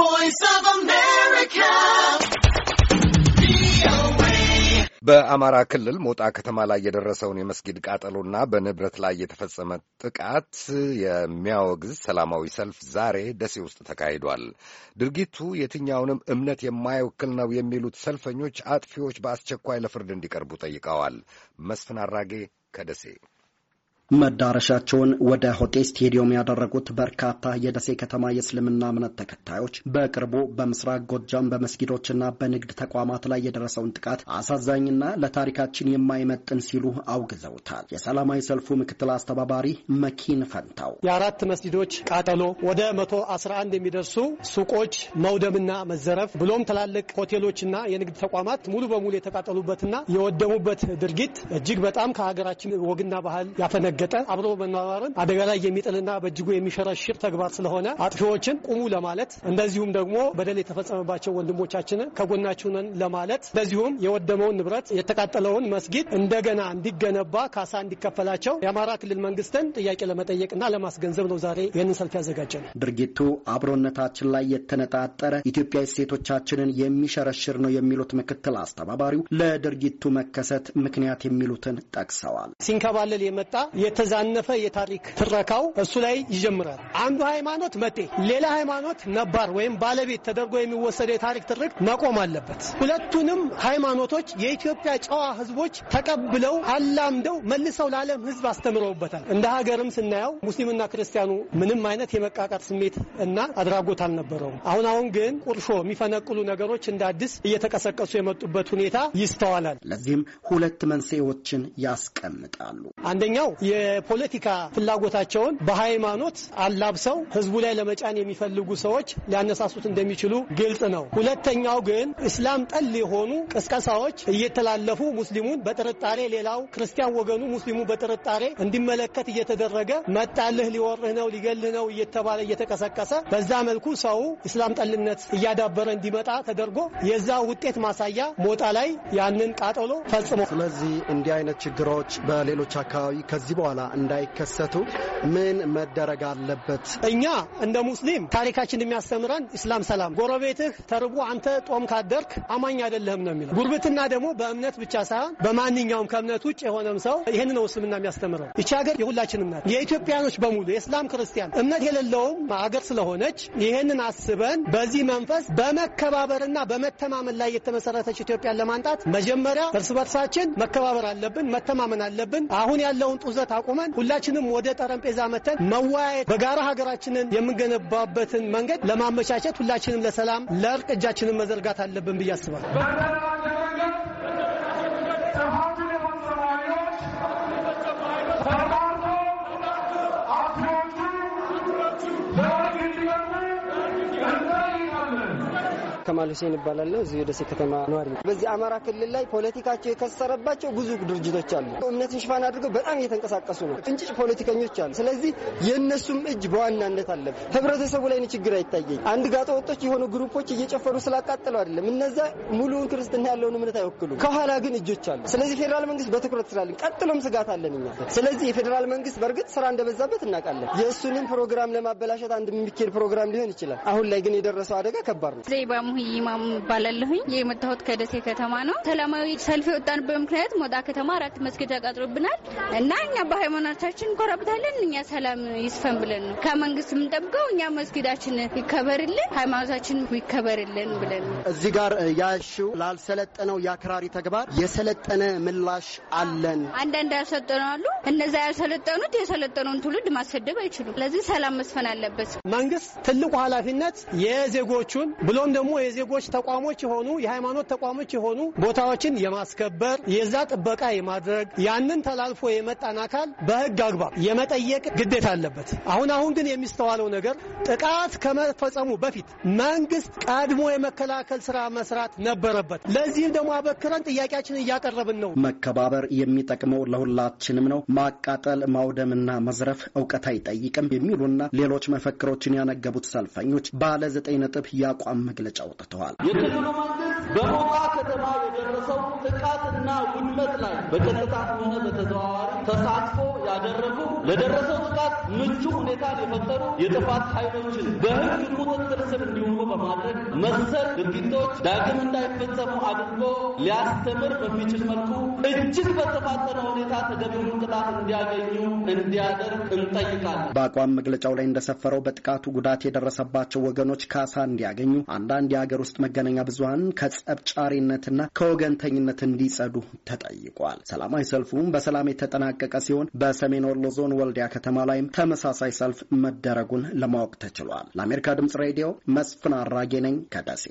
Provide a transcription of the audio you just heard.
voice of America. በአማራ ክልል ሞጣ ከተማ ላይ የደረሰውን የመስጊድ ቃጠሎና በንብረት ላይ የተፈጸመ ጥቃት የሚያወግዝ ሰላማዊ ሰልፍ ዛሬ ደሴ ውስጥ ተካሂዷል። ድርጊቱ የትኛውንም እምነት የማይወክል ነው የሚሉት ሰልፈኞች አጥፊዎች በአስቸኳይ ለፍርድ እንዲቀርቡ ጠይቀዋል። መስፍን አራጌ ከደሴ መዳረሻቸውን ወደ ሆቴል ስቴዲየም ያደረጉት በርካታ የደሴ ከተማ የእስልምና እምነት ተከታዮች በቅርቡ በምስራቅ ጎጃም በመስጊዶችና በንግድ ተቋማት ላይ የደረሰውን ጥቃት አሳዛኝና ለታሪካችን የማይመጥን ሲሉ አውግዘውታል። የሰላማዊ ሰልፉ ምክትል አስተባባሪ መኪን ፈንታው የአራት መስጊዶች ቃጠሎ ወደ መቶ አስራ አንድ የሚደርሱ ሱቆች መውደምና መዘረፍ ብሎም ትላልቅ ሆቴሎችና የንግድ ተቋማት ሙሉ በሙሉ የተቃጠሉበትና የወደሙበት ድርጊት እጅግ በጣም ከሀገራችን ወግና ባህል ያፈነገ ያፈነገጠ አብሮ መኗኗርን አደጋ ላይ የሚጥልና በእጅጉ የሚሸረሽር ተግባር ስለሆነ አጥፊዎችን ቁሙ ለማለት እንደዚሁም ደግሞ በደል የተፈጸመባቸው ወንድሞቻችንን ከጎናችሁ ነን ለማለት እንደዚሁም የወደመውን ንብረት የተቃጠለውን መስጊድ እንደገና እንዲገነባ ካሳ እንዲከፈላቸው የአማራ ክልል መንግስትን ጥያቄ ለመጠየቅና ለማስገንዘብ ነው ዛሬ ይህንን ሰልፍ ያዘጋጀ ነው። ድርጊቱ አብሮነታችን ላይ የተነጣጠረ ኢትዮጵያዊ እሴቶቻችንን የሚሸረሽር ነው የሚሉት ምክትል አስተባባሪው ለድርጊቱ መከሰት ምክንያት የሚሉትን ጠቅሰዋል። ሲንከባለል የመጣ የተዛነፈ የታሪክ ትረካው እሱ ላይ ይጀምራል። አንዱ ሃይማኖት መጤ፣ ሌላ ሃይማኖት ነባር ወይም ባለቤት ተደርጎ የሚወሰደው የታሪክ ትርክ መቆም አለበት። ሁለቱንም ሃይማኖቶች የኢትዮጵያ ጨዋ ህዝቦች ተቀብለው አላምደው መልሰው ለዓለም ህዝብ አስተምረውበታል። እንደ ሀገርም ስናየው ሙስሊምና ክርስቲያኑ ምንም አይነት የመቃቀር ስሜት እና አድራጎት አልነበረውም። አሁን አሁን ግን ቁርሾ የሚፈነቅሉ ነገሮች እንደ አዲስ እየተቀሰቀሱ የመጡበት ሁኔታ ይስተዋላል። ለዚህም ሁለት መንስኤዎችን ያስቀምጣሉ። አንደኛው የፖለቲካ ፍላጎታቸውን በሃይማኖት አላብሰው ህዝቡ ላይ ለመጫን የሚፈልጉ ሰዎች ሊያነሳሱት እንደሚችሉ ግልጽ ነው። ሁለተኛው ግን እስላም ጠል የሆኑ ቅስቀሳዎች እየተላለፉ ሙስሊሙን በጥርጣሬ ሌላው ክርስቲያን ወገኑ ሙስሊሙ በጥርጣሬ እንዲመለከት እየተደረገ መጣልህ፣ ሊወርህ ነው፣ ሊገልህ ነው እየተባለ እየተቀሰቀሰ በዛ መልኩ ሰው እስላም ጠልነት እያዳበረ እንዲመጣ ተደርጎ የዛ ውጤት ማሳያ ሞጣ ላይ ያንን ቃጠሎ ፈጽሞ ስለዚህ እንዲህ አይነት ችግሮች በሌሎች አካባቢ ከዚህ በኋላ እንዳይከሰቱ ምን መደረግ አለበት? እኛ እንደ ሙስሊም ታሪካችን የሚያስተምረን ኢስላም ሰላም፣ ጎረቤትህ ተርቦ አንተ ጦም ካደርክ አማኝ አይደለህም ነው የሚለው። ጉርብትና ደግሞ በእምነት ብቻ ሳይሆን በማንኛውም ከእምነት ውጭ የሆነም ሰው ይህን ነው እስልምና የሚያስተምረው። ይቺ ሀገር የሁላችንም እምነት የኢትዮጵያኖች በሙሉ የእስላም ክርስቲያን፣ እምነት የሌለውም ሀገር ስለሆነች ይህንን አስበን በዚህ መንፈስ በመከባበርና በመተማመን ላይ የተመሰረተች ኢትዮጵያን ለማንጣት መጀመሪያ እርስ በርሳችን መከባበር አለብን፣ መተማመን አለብን። አሁን ያለውን ጡዘት አቁመን ሁላችንም ወደ ጠረጴዛ መተን መወያየት በጋራ ሀገራችንን የምንገነባበትን መንገድ ለማመቻቸት ሁላችንም ለሰላም ለእርቅ እጃችንን መዘርጋት አለብን ብዬ አስባለሁ። ከማል ሁሴን ይባላለሁ። እዚህ ደሴ ከተማ ነዋሪ። በዚህ አማራ ክልል ላይ ፖለቲካቸው የከሰረባቸው ብዙ ድርጅቶች አሉ። እምነትን ሽፋን አድርገው በጣም እየተንቀሳቀሱ ነው። እንጭጭ ፖለቲከኞች አሉ። ስለዚህ የእነሱም እጅ በዋናነት አለብ። ህብረተሰቡ ላይ ችግር አይታየኝ። አንድ ጋጠ ወጦች የሆኑ ግሩፖች እየጨፈሩ ስላቃጠለው አይደለም። እነዛ ሙሉውን ክርስትና ያለውን እምነት አይወክሉም። ከኋላ ግን እጆች አሉ። ስለዚህ ፌዴራል መንግስት በትኩረት ስላለን ቀጥሎም ስጋት አለን እኛ። ስለዚህ የፌዴራል መንግስት በእርግጥ ስራ እንደበዛበት እናውቃለን። የእሱንም ፕሮግራም ለማበላሸት አንድ የሚካሄድ ፕሮግራም ሊሆን ይችላል። አሁን ላይ ግን የደረሰው አደጋ ከባድ ነው። ይማም እባላለሁኝ። የመጣሁት ከደሴ ከተማ ነው። ሰላማዊ ሰልፍ የወጣንበት ምክንያት ሞጣ ከተማ አራት መስጊድ ተቃጥሎብናል እና እኛ በሃይማኖታችን እንኮረብታለን። እኛ ሰላም ይስፈን ብለን ነው ከመንግስት የምንጠብቀው። እኛ መስጊዳችን ይከበርልን፣ ሃይማኖታችን ይከበርልን ብለን ነው እዚህ ጋር ያልሺው። ላልሰለጠነው የአክራሪ ተግባር የሰለጠነ ምላሽ አለን። አንዳንድ ያልሰለጠኑ አሉ። እነዛ ያልሰለጠኑት የሰለጠነውን ትውልድ ማሰደብ አይችሉም። ለዚህ ሰላም መስፈን አለበት። መንግስት ትልቁ ኃላፊነት የዜጎቹን ብሎም ደግሞ የዜጎች ተቋሞች የሆኑ የሃይማኖት ተቋሞች የሆኑ ቦታዎችን የማስከበር የዛ ጥበቃ የማድረግ ያንን ተላልፎ የመጣን አካል በህግ አግባብ የመጠየቅ ግዴታ አለበት። አሁን አሁን ግን የሚስተዋለው ነገር ጥቃት ከመፈጸሙ በፊት መንግስት ቀድሞ የመከላከል ስራ መስራት ነበረበት። ለዚህም ደግሞ አበክረን ጥያቄያችን እያቀረብን ነው። መከባበር የሚጠቅመው ለሁላችንም ነው። ማቃጠል ማውደምና መዝረፍ እውቀት አይጠይቅም የሚሉና ሌሎች መፈክሮችን ያነገቡት ሰልፈኞች ባለ ዘጠኝ ነጥብ የአቋም መግለጫ አብቅተዋል። የክልሉ መንግስት በሞጣ ከተማ የደረሰው ጥቃትና ውድመት ላይ በቀጥታ ሆነ በተዘዋዋሪ ተሳትፎ ያደረጉ ለደረሰው ጥቃት ምቹ ሁኔታ የፈጠሩ የጥፋት ኃይሎችን በህግ ቁጥጥር ስር እንዲውሉ በማድረግ መሰል ድርጊቶች ዳግም እንዳይፈጸሙ አድርጎ ሊያስተምር በሚችል መልኩ እጅግ በተፋጠነ ሁኔታ ተገቢውን ቅጣት እንዲያገኙ እንዲያደርግ እንጠይቃለን። በአቋም መግለጫው ላይ እንደሰፈረው በጥቃቱ ጉዳት የደረሰባቸው ወገኖች ካሳ እንዲያገኙ፣ አንዳንድ የሀገር ውስጥ መገናኛ ብዙሀን ከጸብጫሪነትና ከወገንተኝነት እንዲጸዱ ተጠይቋል። ሰላማዊ ሰልፉም በሰላም የተጠና የተጠናቀቀ ሲሆን በሰሜን ወሎ ዞን ወልዲያ ከተማ ላይም ተመሳሳይ ሰልፍ መደረጉን ለማወቅ ተችሏል። ለአሜሪካ ድምጽ ሬዲዮ መስፍን አራጌ ነኝ ከደሴ።